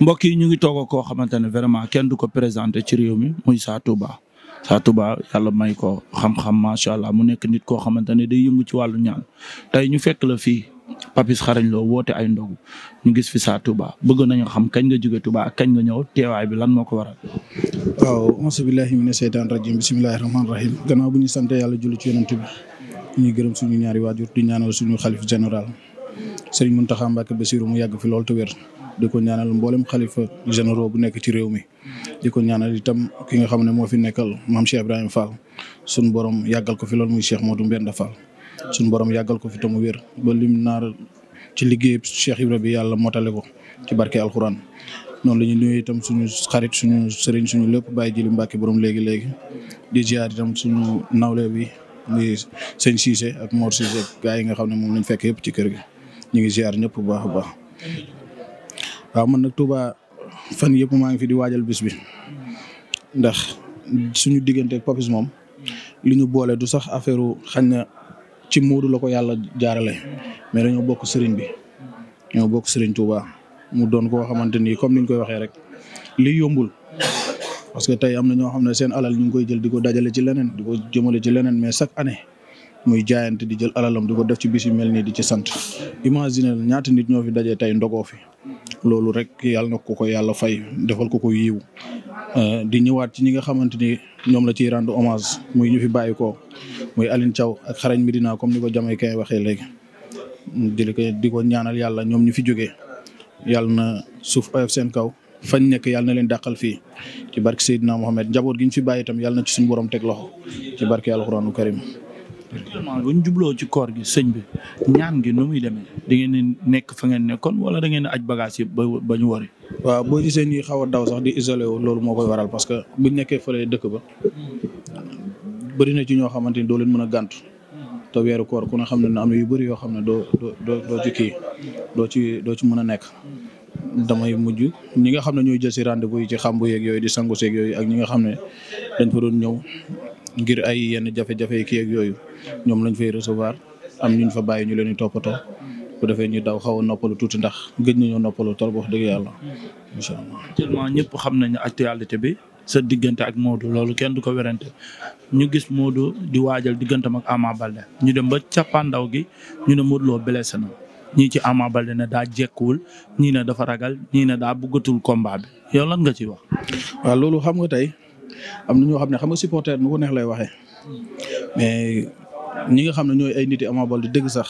mbokk yi ñu ngi toog koo xamante ne vraiment kenn du ko présenté ci réew mi muy Sa Touba Sa Touba yàlla may ko xam-xam macha allah mu nekk nit koo xamante ne day yëngu ci wàllu ñaan tey ñu fekk la fii Papis xarañ loo woote ay ndogu ñu gis fi Sa Touba bëgg nañu xam kañ nga jóge Touba kañ nga ñëw teewaay bi lan moo ko waral. waaw auzu billaahi mina seytaani rajiim bismillaahi rahmaani rahiim gannaaw bu ñu sant yàlla julli ci yonent bi ñu gërëm suñu ñaari waajur di ñaanal suñu xalif général Serigne Mountakha Mbacké Bassirou mu yàgg fi lool te wér di ko ñaanal mboolem xalifa généraux bu nekk ci réew mi. di ko ñaanal itam ki nga xam ne moo fi nekkal maam Cheikh Ibrahima Fall sunu borom yàggal ko fi lool muy Cheikh Modou Mbenda Fall sunu borom yàggal ko fi tamu wér ba lim naar ci liggéey Cheikh bi yàlla motale ko ci barke alxuraan. noonu la ñuy itam suñu xarit suñu sëriñ suñu lépp bàyyi jili mbàkki borom léegi léegi di ziar itam suñu nawle bi di sëñ Cissé ak Mor Cissé gaa yi nga xam ne moom lañ fekk yëpp ci kër gi ñu ngi ziar ñëpp bu baax a baax. waaw man nag Touba fan yëpp maa ngi fi di waajal bis ndax suñu diggante Papis moom li ñu boole du sax affaire xañ na ci Modou la ko yàlla jaarale mais dañoo bokk sëriñ bi ñoo bokk sëriñ Touba mu doon koo xamante ni comme niñ koy waxee rek li yombul. parce que tey am na ñoo xam ne seen alal ñu ngi koy jël di ko dajale ci leneen di ko jëmale ci leneen mais chaque année muy jaayante di jël alalam di ko def ci bis yu mel nii di ci sant imaginer ñaata nit ñoo fi dajee tey ndogoo fi loolu rek yàlla na ko ko yàlla fay defal ko ko yiiw euh, di ñëwaat ci ñi nga xamante ni ñoom la ciy rendre hommage muy ñu fi bàyyi ko muy Aline Thiaw ak xarañ Medina comme ni ko jamay ka waxee léegi di ko di ko ñaanal yàlla ñoom ñu fi jógee yàlla na suuf oyof seen kaw fañ nekk yàlla na leen dàqal fii ci barke Seydina Mohamed njaboot gi ñu fi bàyyi itam yàlla na ci suñu borom teg loxo ci barke alxuraanu karim actuellement bu ñu jubloo ci koor gi sëñ bi ñaan gi nu muy demee da ngeen di nekk fa ngeen nekkoon wala da ngeen di aj bagage yi ba ñu wari. waaw boo gisee ñuy xaw a daw sax di isolé wu loolu moo koy waral parce que bu ñu nekkee fële dëkk ba bëri na ci ñoo xamante ni doo leen mën a gàntu. te weeru koor ku ne xam ne na am na yu bëri yoo xam ne doo doo doo ci kii doo ci doo ci mën a nekk. damay mujj ñi nga xam ne ñooy jël si rendez-vous yi ci xambu yeeg yooyu di sangu seeg yooyu ak ñi nga xam ne dañ fa doon ñëw ngir ay yenn jafe-jafe kii ak yooyu ñoom lañ fay recevoir am ñu fa bàyyi ñu leen di toppatoo bu defee ñu daw xaw a noppalu tuuti ndax gëj nañoo noppalu trop wax dëgg yàlla incha allah. actuellement ñëpp xam nañu actualité bi sa diggante ak Modou loolu kenn du ko werante ñu gis Modou di waajal diggante ak Ama Balde ñu dem ba cappaandaw gi ñu ne Modou Lo blessé na ñii ci Ama Balde ne daa jekkuwul ñii ne dafa ragal ñii ne daa bëggatul combat bi yow lan nga ciy wax. loolu xam nga tey. am na ñoo xam ne xam nga supporter nu ko neex lay waxee mais ñi nga xam ne ñooy ay nit yi Ama Baldé dëgg sax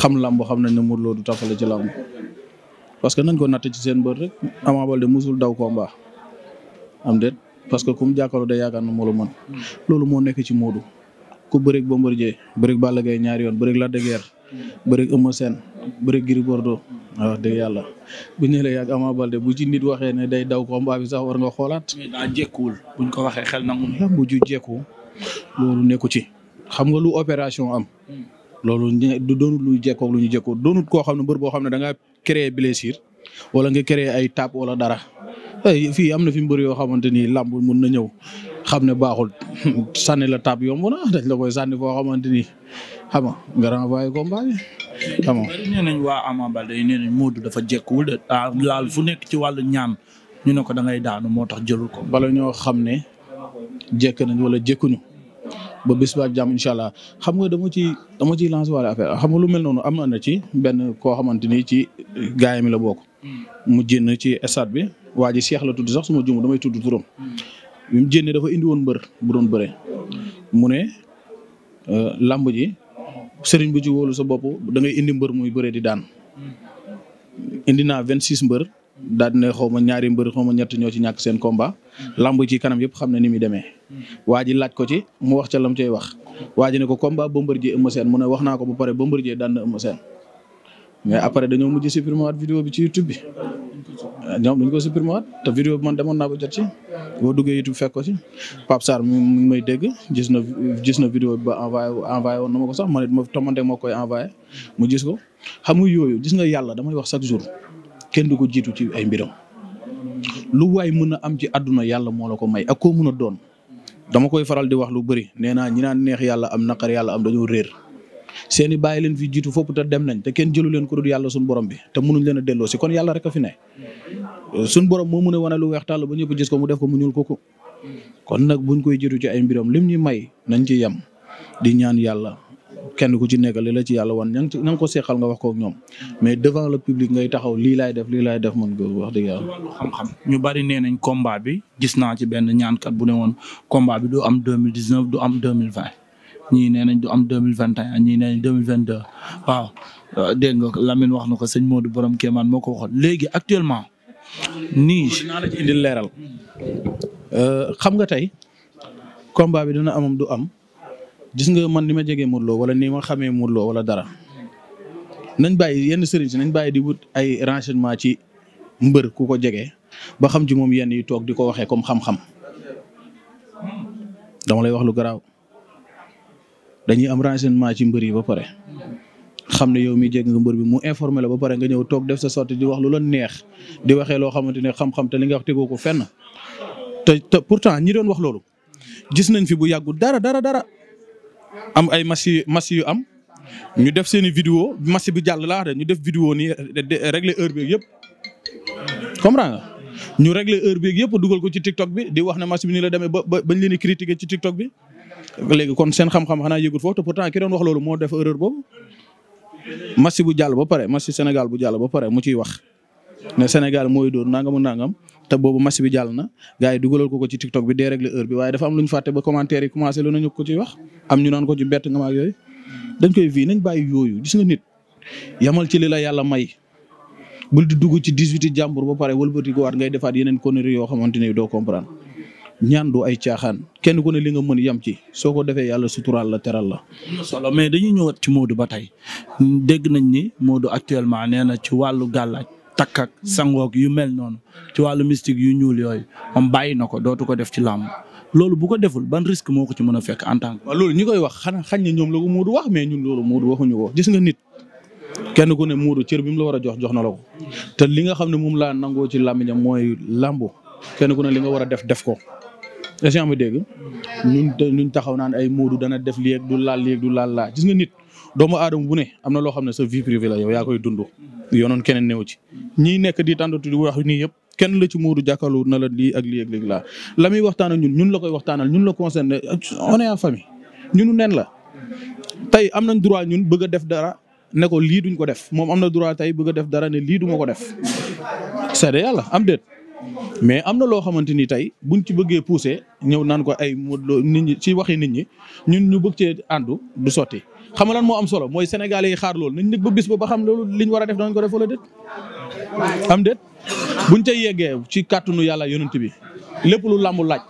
xam làmb xam nañ ne Modou Lo du tafale ci làmb parce que nañ ko natt ci seen bër rek Ama Baldé musul daw combat am déet parce que ku mu jàkkaarloo day yaakaar na moo la loolu moo nekk ci Modou ku bëreeg Bombardier bëreeg Balla Gaye ñaari yoon bëreeg Lac de Guiers bëreeg Eumeu Sène bëreeg Gris Bordeaux wax dëgg yàlla bu ñu la yàgg Ama Baldé bu ci nit waxee ne day daw combat bi sax war nga xoolaat. daa jékkuwul buñ ko waxee xel nangu. lamb ju jékku loolu nekku ci xam nga lu opération am. Hmm. loolu du doonut lu jékkoog lu ñu jékkoog doonut koo xam ne mbër boo xam ne da ngaa créer blessure wala nga créer ay tap wala dara. ay fii am na fi mbër yoo xamante ni làmb mun na ñëw xam ne baaxul sànni la tap yomb na dañ la koy sànni foo xamante ni xam nga nga renvoyé combat xam nga waa Ama Baldé nee nañ Modou dafa jekkuwul de ah, laal fu nekk ci wàllu ñaan ñu ne ko da daanu moo tax jëlul ko. bala ñoo xam ne jekk nañ wala jekkuñu ba bis ba jàmm incha allah xam nga dama ci dama ciy lancer wala affaire xam nga lu mel noonu am na na ci benn koo xamante ni ci gaay mi la bokk. Hmm. mu jënn ci stade bi waa ji Cheikh tudd sax suma juum damay tudd turam. Hmm. bi mu jënnee dafa indi woon mbër bu doon bëre hmm. mu ne euh, lamb ji. sëriñ bu ci wóolu sa bopp da ngay indi mbër muy bëree di daan indi naa vingt six mbër daal dina xaw ma ñaari mbër xaw ma ñett ñoo ci ñàkk seen combat lamb ci kanam yëpp xam ne ni muy demee waa ji laaj ko ci mu wax ca lam cay wax waa ji ne ko combat Bombardier Eumeu Sène mu ne wax naa ko ba pare Bombardier daan na Eumeu Sène mais après dañoo mujj supprimer waat vidéo bi ci YouTube bi euh, ñoom dañ ko supprimer waat te vidéo bi man demoon na ba jot ci boo duggee YouTube fekk ko ci Pape Sarr may dégg gis na gis na vidéo bi ba envoyé envoyé woon na ko sax man it ma tomante moo koy envoyé mu gis ko xam yooyu gis na yàlla damay wax chaque jour kenn du ko jiitu ci ay mbiram lu waay mën a am ci àdduna yàlla moo la ko may ak koo mën a doon dama koy faral di wax lu bëri nee naa ñi naan neex yàlla am naqar yàlla am dañoo réer seen i bàyyi leen fi jiitu fopp te dem nañ te kenn jëlu leen ko dul yàlla suñu borom bi te mënuñ leen a delloo si kon yàlla rek a fi ne suñu borom moo mun a wane lu weex tàll ba ñëpp gis ko mu def ko mu ñuul kooku kon nag buñ koy jiitu ci ay mbiram lim ñu may nañ ci yem di ñaan yàlla kenn ku ci nekk la ci yàlla wan na nga ko seqal nga wax ko ñoom mais devant le public ngay taxaw lii laay def lii laay def man ko wax dëgg yàlla. xam-xam ñu bari nee nañ combat bi gis naa ci benn ñaankat bu ne woon combat bi du am deux mille dix am deux mille vingt ñii nee nañ du am deux mille vingt et un ñii nee nañ deux mille nga Lamine wax na ko sëñ Modou borom Kéemaan moo ko waxoon léegi actuellement nii. naa indil leeral. Euh, xam nga tey combat bi dina amam du am gis nga man ni ma jegee Modou Lo wala ni ma xamee Modou Lo wala dara nañ bàyyi yenn sëriñ si nañ bàyyi di wut ay renseignement ci mbër ku ko jege ba xam ci moom yenn yi toog di ko waxee comme xam-xam dama lay wax lu garaaw. dañuy am renseignement ci mbër yi ba pare xam ne yow mi jég nga mbër bi mu informé la ba pare nga ñëw toog def sa sortie di wax lu la neex di waxee loo xamante ne xam-xam te li nga wax tegoo ko fenn te pourtant ñi doon wax loolu gis nañ fi bu yàggu dara dara dara am ay match match yu am ñu def seen i vidéo match bi jàll laa de ñu def vidéo nii réglé heure bi yëpp comme nga ñu régler heure bi yëpp dugal ko ci TikTok bi di wax na match bi ñu la demee ba bañ leen di critiquer ci TikTok bi léegi kon seen xam-xam xanaa yëgut foofu te pourtant ki doon wax loolu moo def erreur boobu match bu jàll ba pare match Sénégal bu jàll ba pare mu ciy wax ne Sénégal mooy dóor nangamu nangam te boobu match bi jàll na gars yi dugalal ko ko ci TikTok bi dee régler heure bi waaye dafa am lu ñu fàtte ba commentaire yi commencé lu nañu ko ciy wax am ñu naan ko ci bett nga maag yooyu dañ koy vi nañ bàyyi yooyu gis nga nit yamal ci li la yàlla may bul di dugg ci 18 jàmbur ba pare wëlbati ko waat ngay defaat yeneen conneries yoo xamante ne doo comprendre ñaandu ay caaxaan kenn ku ne li nga mën yam ci soo ko defee yàlla suturaal la teral la. solo mais dañuy ñëwaat ci Modou ba tey dégg nañ ni Modou actuellement nee na ci wàllu gàllaaj takk ak sangoog yu mel noonu ci wàllu mystique yu ñuul yooyu moom bàyyi na ko dootu ko def ci làmb loolu bu ko deful ban risque moo ko ci mën a fekk en tant que. waaw ñi koy wax xanaa xañ na ñoom la ko Modou wax mais ñun loolu Modou waxuñu ko gis nga nit. kenn ku ne Modou cër bi mu la war a jox jox na la ko te li nga xam ne moom laa nangoo ci làmmiñam mooy làmbu kenn ku ne li nga war a def def ko est ce dégg ñun ñun taxaw naan ay Modou dana def lii du laal lii du laal laa gis nga nit doomu aadama bu ne am na loo xam ne sa vie privée la yow yaa koy dund. yoonoon keneen néew ci ñi nekk di tàndatu di wax nii yëpp kenn la ci Modou jàkkaarloo na la lii ak lii ak laa la muy waxtaan ak ñun ñun la koy waxtaanal ñun la concerné on est en famille ñunu nen la tey am nañ droit ñun bëgg a def dara ne ko lii duñ ko def moom am na droit tey bëgg a def dara ne lii du ko def c'est mais am na loo xamante ni tey buñ ci bëggee pousser ñëw naan ko ay Modou Lo nit ñi ci waxi nit ñi ñun ñu bëgg àndu du sotti xam lan moo am solo mooy sénégalais yi xaar loolu nañ nekk ba bis ba ba xam loolu liñ war a def danañ ko def wala déet. am buñ ca yeggee ci kàttanu yàlla yonent bi lépp lu làmb laaj.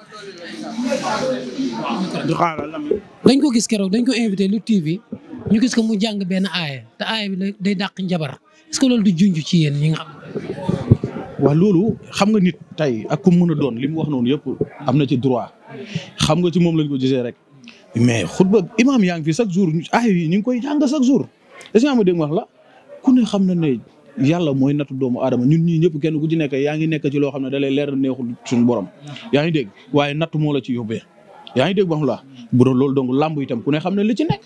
dañ ko gis keroog dañ ko invité lu TV ñu gis ko mu jàng benn aaya te aaya bi day dàq njabar est que loolu du junj ci yéen ñi nga wax loolu xam nga nit tey ak ku mën a doon li mu wax noonu yëpp am na ci droit xam nga ci moom lañ ko gisee rek mais xutba imaam yaa ngi fi chaque jour ay yi ñu ngi koy jàng chaque jour est-ce que ma dégg la ku xam na ne yàlla mooy nattu doomu aadama ñun ñii ñëpp kenn ku ci nekk yaa ngi nekk ci xam ne da lay leer borom yaa ngi dégg waaye nattu la ci yóbbee yaa ngi dégg wax la bu loolu donc làmb itam ku ne xam ne li ci nekk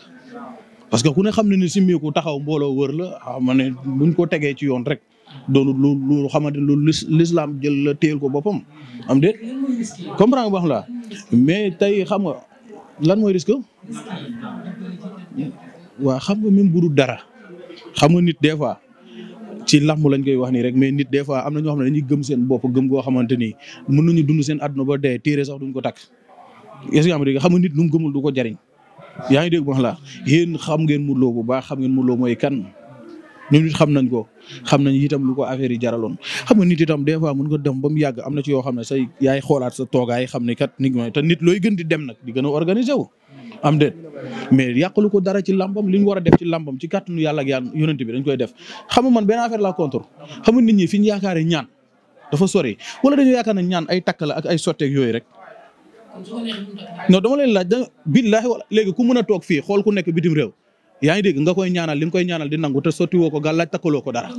parce que ku ne xam ne ni simmiku taxaw mbooloo war la xam ah, ne buñ ko tegee ci yoon rek doonul lu lu xamante ne lu l'islam jël la téyel ko boppam am déet comprendre nga wax la mais tey xam nga lan mooy risque waaw xam nga même bu dara xam nga nit des fois ci làmb lañ koy wax nii rek mais nit des fois am na ñoo xam ne dañuy gëm seen bopp gëm goo xamante ni mën ñu dund seen àdduna ba dee téere sax duñ ko takk est-ce que am dégg xam nga nit lu gëmul du ko jariñ yaa ngi dégg wax la yéen xam ngeen mu loo bu baax xam ngeen mu mooy kan ñun it xam nañ ko xam nañ itam lu ko affaire yi jaraloon xam nga nit itam des fois mën nga dem ba mu yàgg am na ci yoo xam ne say yaay xoolaat sa toogaay xam ne kat nit mooy te nit looy di dem na di gën a organiser wu am déet mais yàqalu ko dara ci làmbam li ñu war a def ci làmbam ci kàttanu yàlla ak yàlla yonent bi dañ koy def xam nga man benn affaire la contre xam nga nit ñi fi ñu yaakaare ñaan dafa sori wala dañu yaakaar na ñaan ay takk la ak ay sotteeg yooyu rek non dama leen laaj da billaahi wala léegi ku mën a toog fii xool ku nekk bitim réew yaa ngi dégg nga koy ñaanal li nga koy ñaanal di nangu te sotti woo ko gàllaaj takkaloo ko dara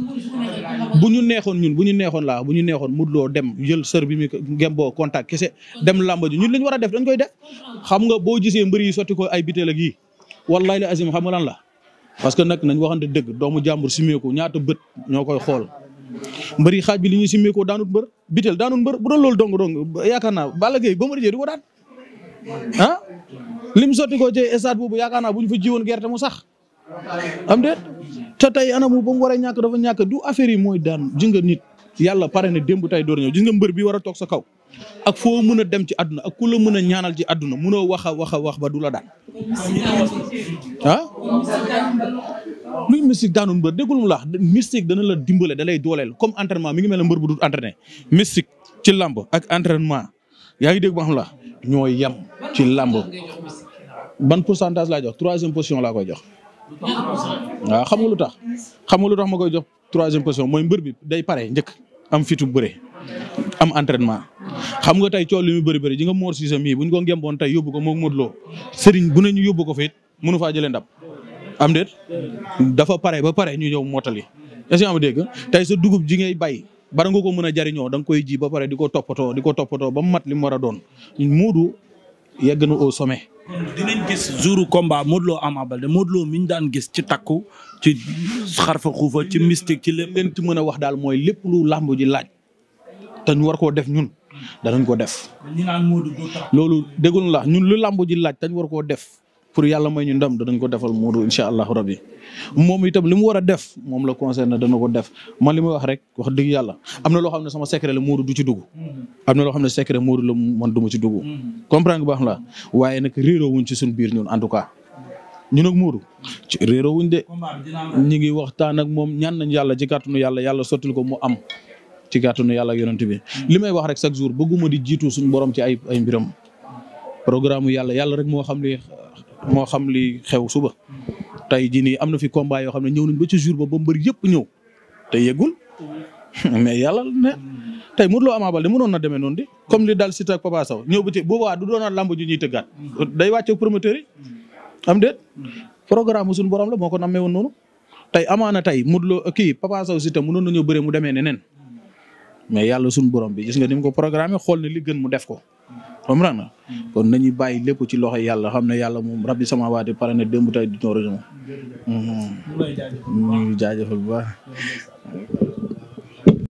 bu ñu neexoon ñun bu ñu neexoon laa bu ñu neexoon Modou Lo dem jël sër bi mi ngem boo contact kese dem làmb ji ñun li ñu war a def dañ koy def xam nga boo gisee mbari yi sotti ko ay bitéel ak yii wallahi la azim xam nga lan la parce que nag nañ waxante dëgg doomu jàmbur simeeku ñaata bët ñoo koy xool mbëri xaaj bi li ñuy simeekoo daanut mbër bitéel daanut mbër bu doon loolu dong dong yaakaar naa Balla Gaye ba du ko daan ah lim sotti ko ci stade boobu yaakaar naa bu ñu fa jiwoon gerte mu sax am déet te tey anamu ba mu war a ñàkk dafa ñàkk du affaire yi mooy daan ji nga nit yàlla pare ne démb tey door ñëw gis nga mbër bi war toog sa kaw ak foo mën a dem ci àdduna ak ku la mën a ñaanal ci àdduna mënoo wax a wax wax ba du la daan ah luy mystique daanul mbër déggul mu laax mystique dana la dimbale da lay dooleel comme entraînement mi ngi mel ne mbër bu dul entraîné mystique ci làmb ak entrainement yaa ngi dégg ma xam la ñooy yam ci làmb ban pourcentage laa jox troisième position laa koy jox waaw xam nga lu tax xam nga lu tax ma koy jox troisième position mooy mbër bi day pare njëkk am fitu bëre am entraînement xam nga tey cool li muy bëri bëri ji nga Mor Cissé mii bu ñu ko ngemboon tey yóbbu ko moom Modou Lo sëriñ bu ñu yóbbu ko fa it mënu faa jëlee ndam am déet dafa pare ba pare ñu ñëw mottali est-ce que am dégg tey sa dugub ji ngay bay bara nga ko mën a jariñoo danga koy ji ba pare di ko toppatoo di ko toppatoo ba mu mat li mu war a doon Modou yegg na o sommet. dinañ gis jouru combat Modou Lo Ama Baldé Modou Lo mi daan gis ci takku ci xarfa xuufa ci mystique ci lépp. leen mën a wax daal mooy lépp lu làmb ji laaj te ñu war koo def ñun danañ ko def. loolu déggul la ñun lu làmb ji laaj te ñu war koo def. pour yàlla may ñu ndam danañ ko defal Modou incha allahu rabi moom itam li war a def moom la concerné dana ko def man li wax rek wax dëgg yàlla am na loo xam ne sama secret la Modou du ci dugg. am na loo xam ne secret Modou la man du ma ci dugg. comprendre nga baax la waaye nag réeroo wuñ ci suñu biir ñun en tout cas. ñun ak Modou ci wuñ de ñu ngi waxtaan ak moom ñaan nañ yàlla ci kàttanu yàlla yàlla sottil ko mu am. ci kàttanu yàlla ak yonent bi li may wax rek chaque jour bëgguma di jiitu suñu borom ci moo xam li xew suba tey jii nii am na fi combat yoo xam ne ñëw nañ ba ci jour ba ba mbër yëpp ñëw te yeggul mais yàlla ne tey Modou Lo Ama Baldé mënoon na demee noonu di comme li dal Siteu ak Papa Sow ñëw ba ci boobaa du doonaat lamb ju ñuy tëggaat day wàcce promoteur yi am déet programme suñu borom la moo ko nammee woon noonu tey amaana tey Modou Lo kii Papa Sow Siteu mënoon nañoo bëree mu demee neneen mais yàlla suñu borom bi gis nga ni mu ko programme xool ne li gën mu def ko comprendre na kon nañu bàyyi lépp ci loxo yàlla xam ne yàlla moom rabbi sama waati pare na démb tey du noor mm-hmm. ñu ngi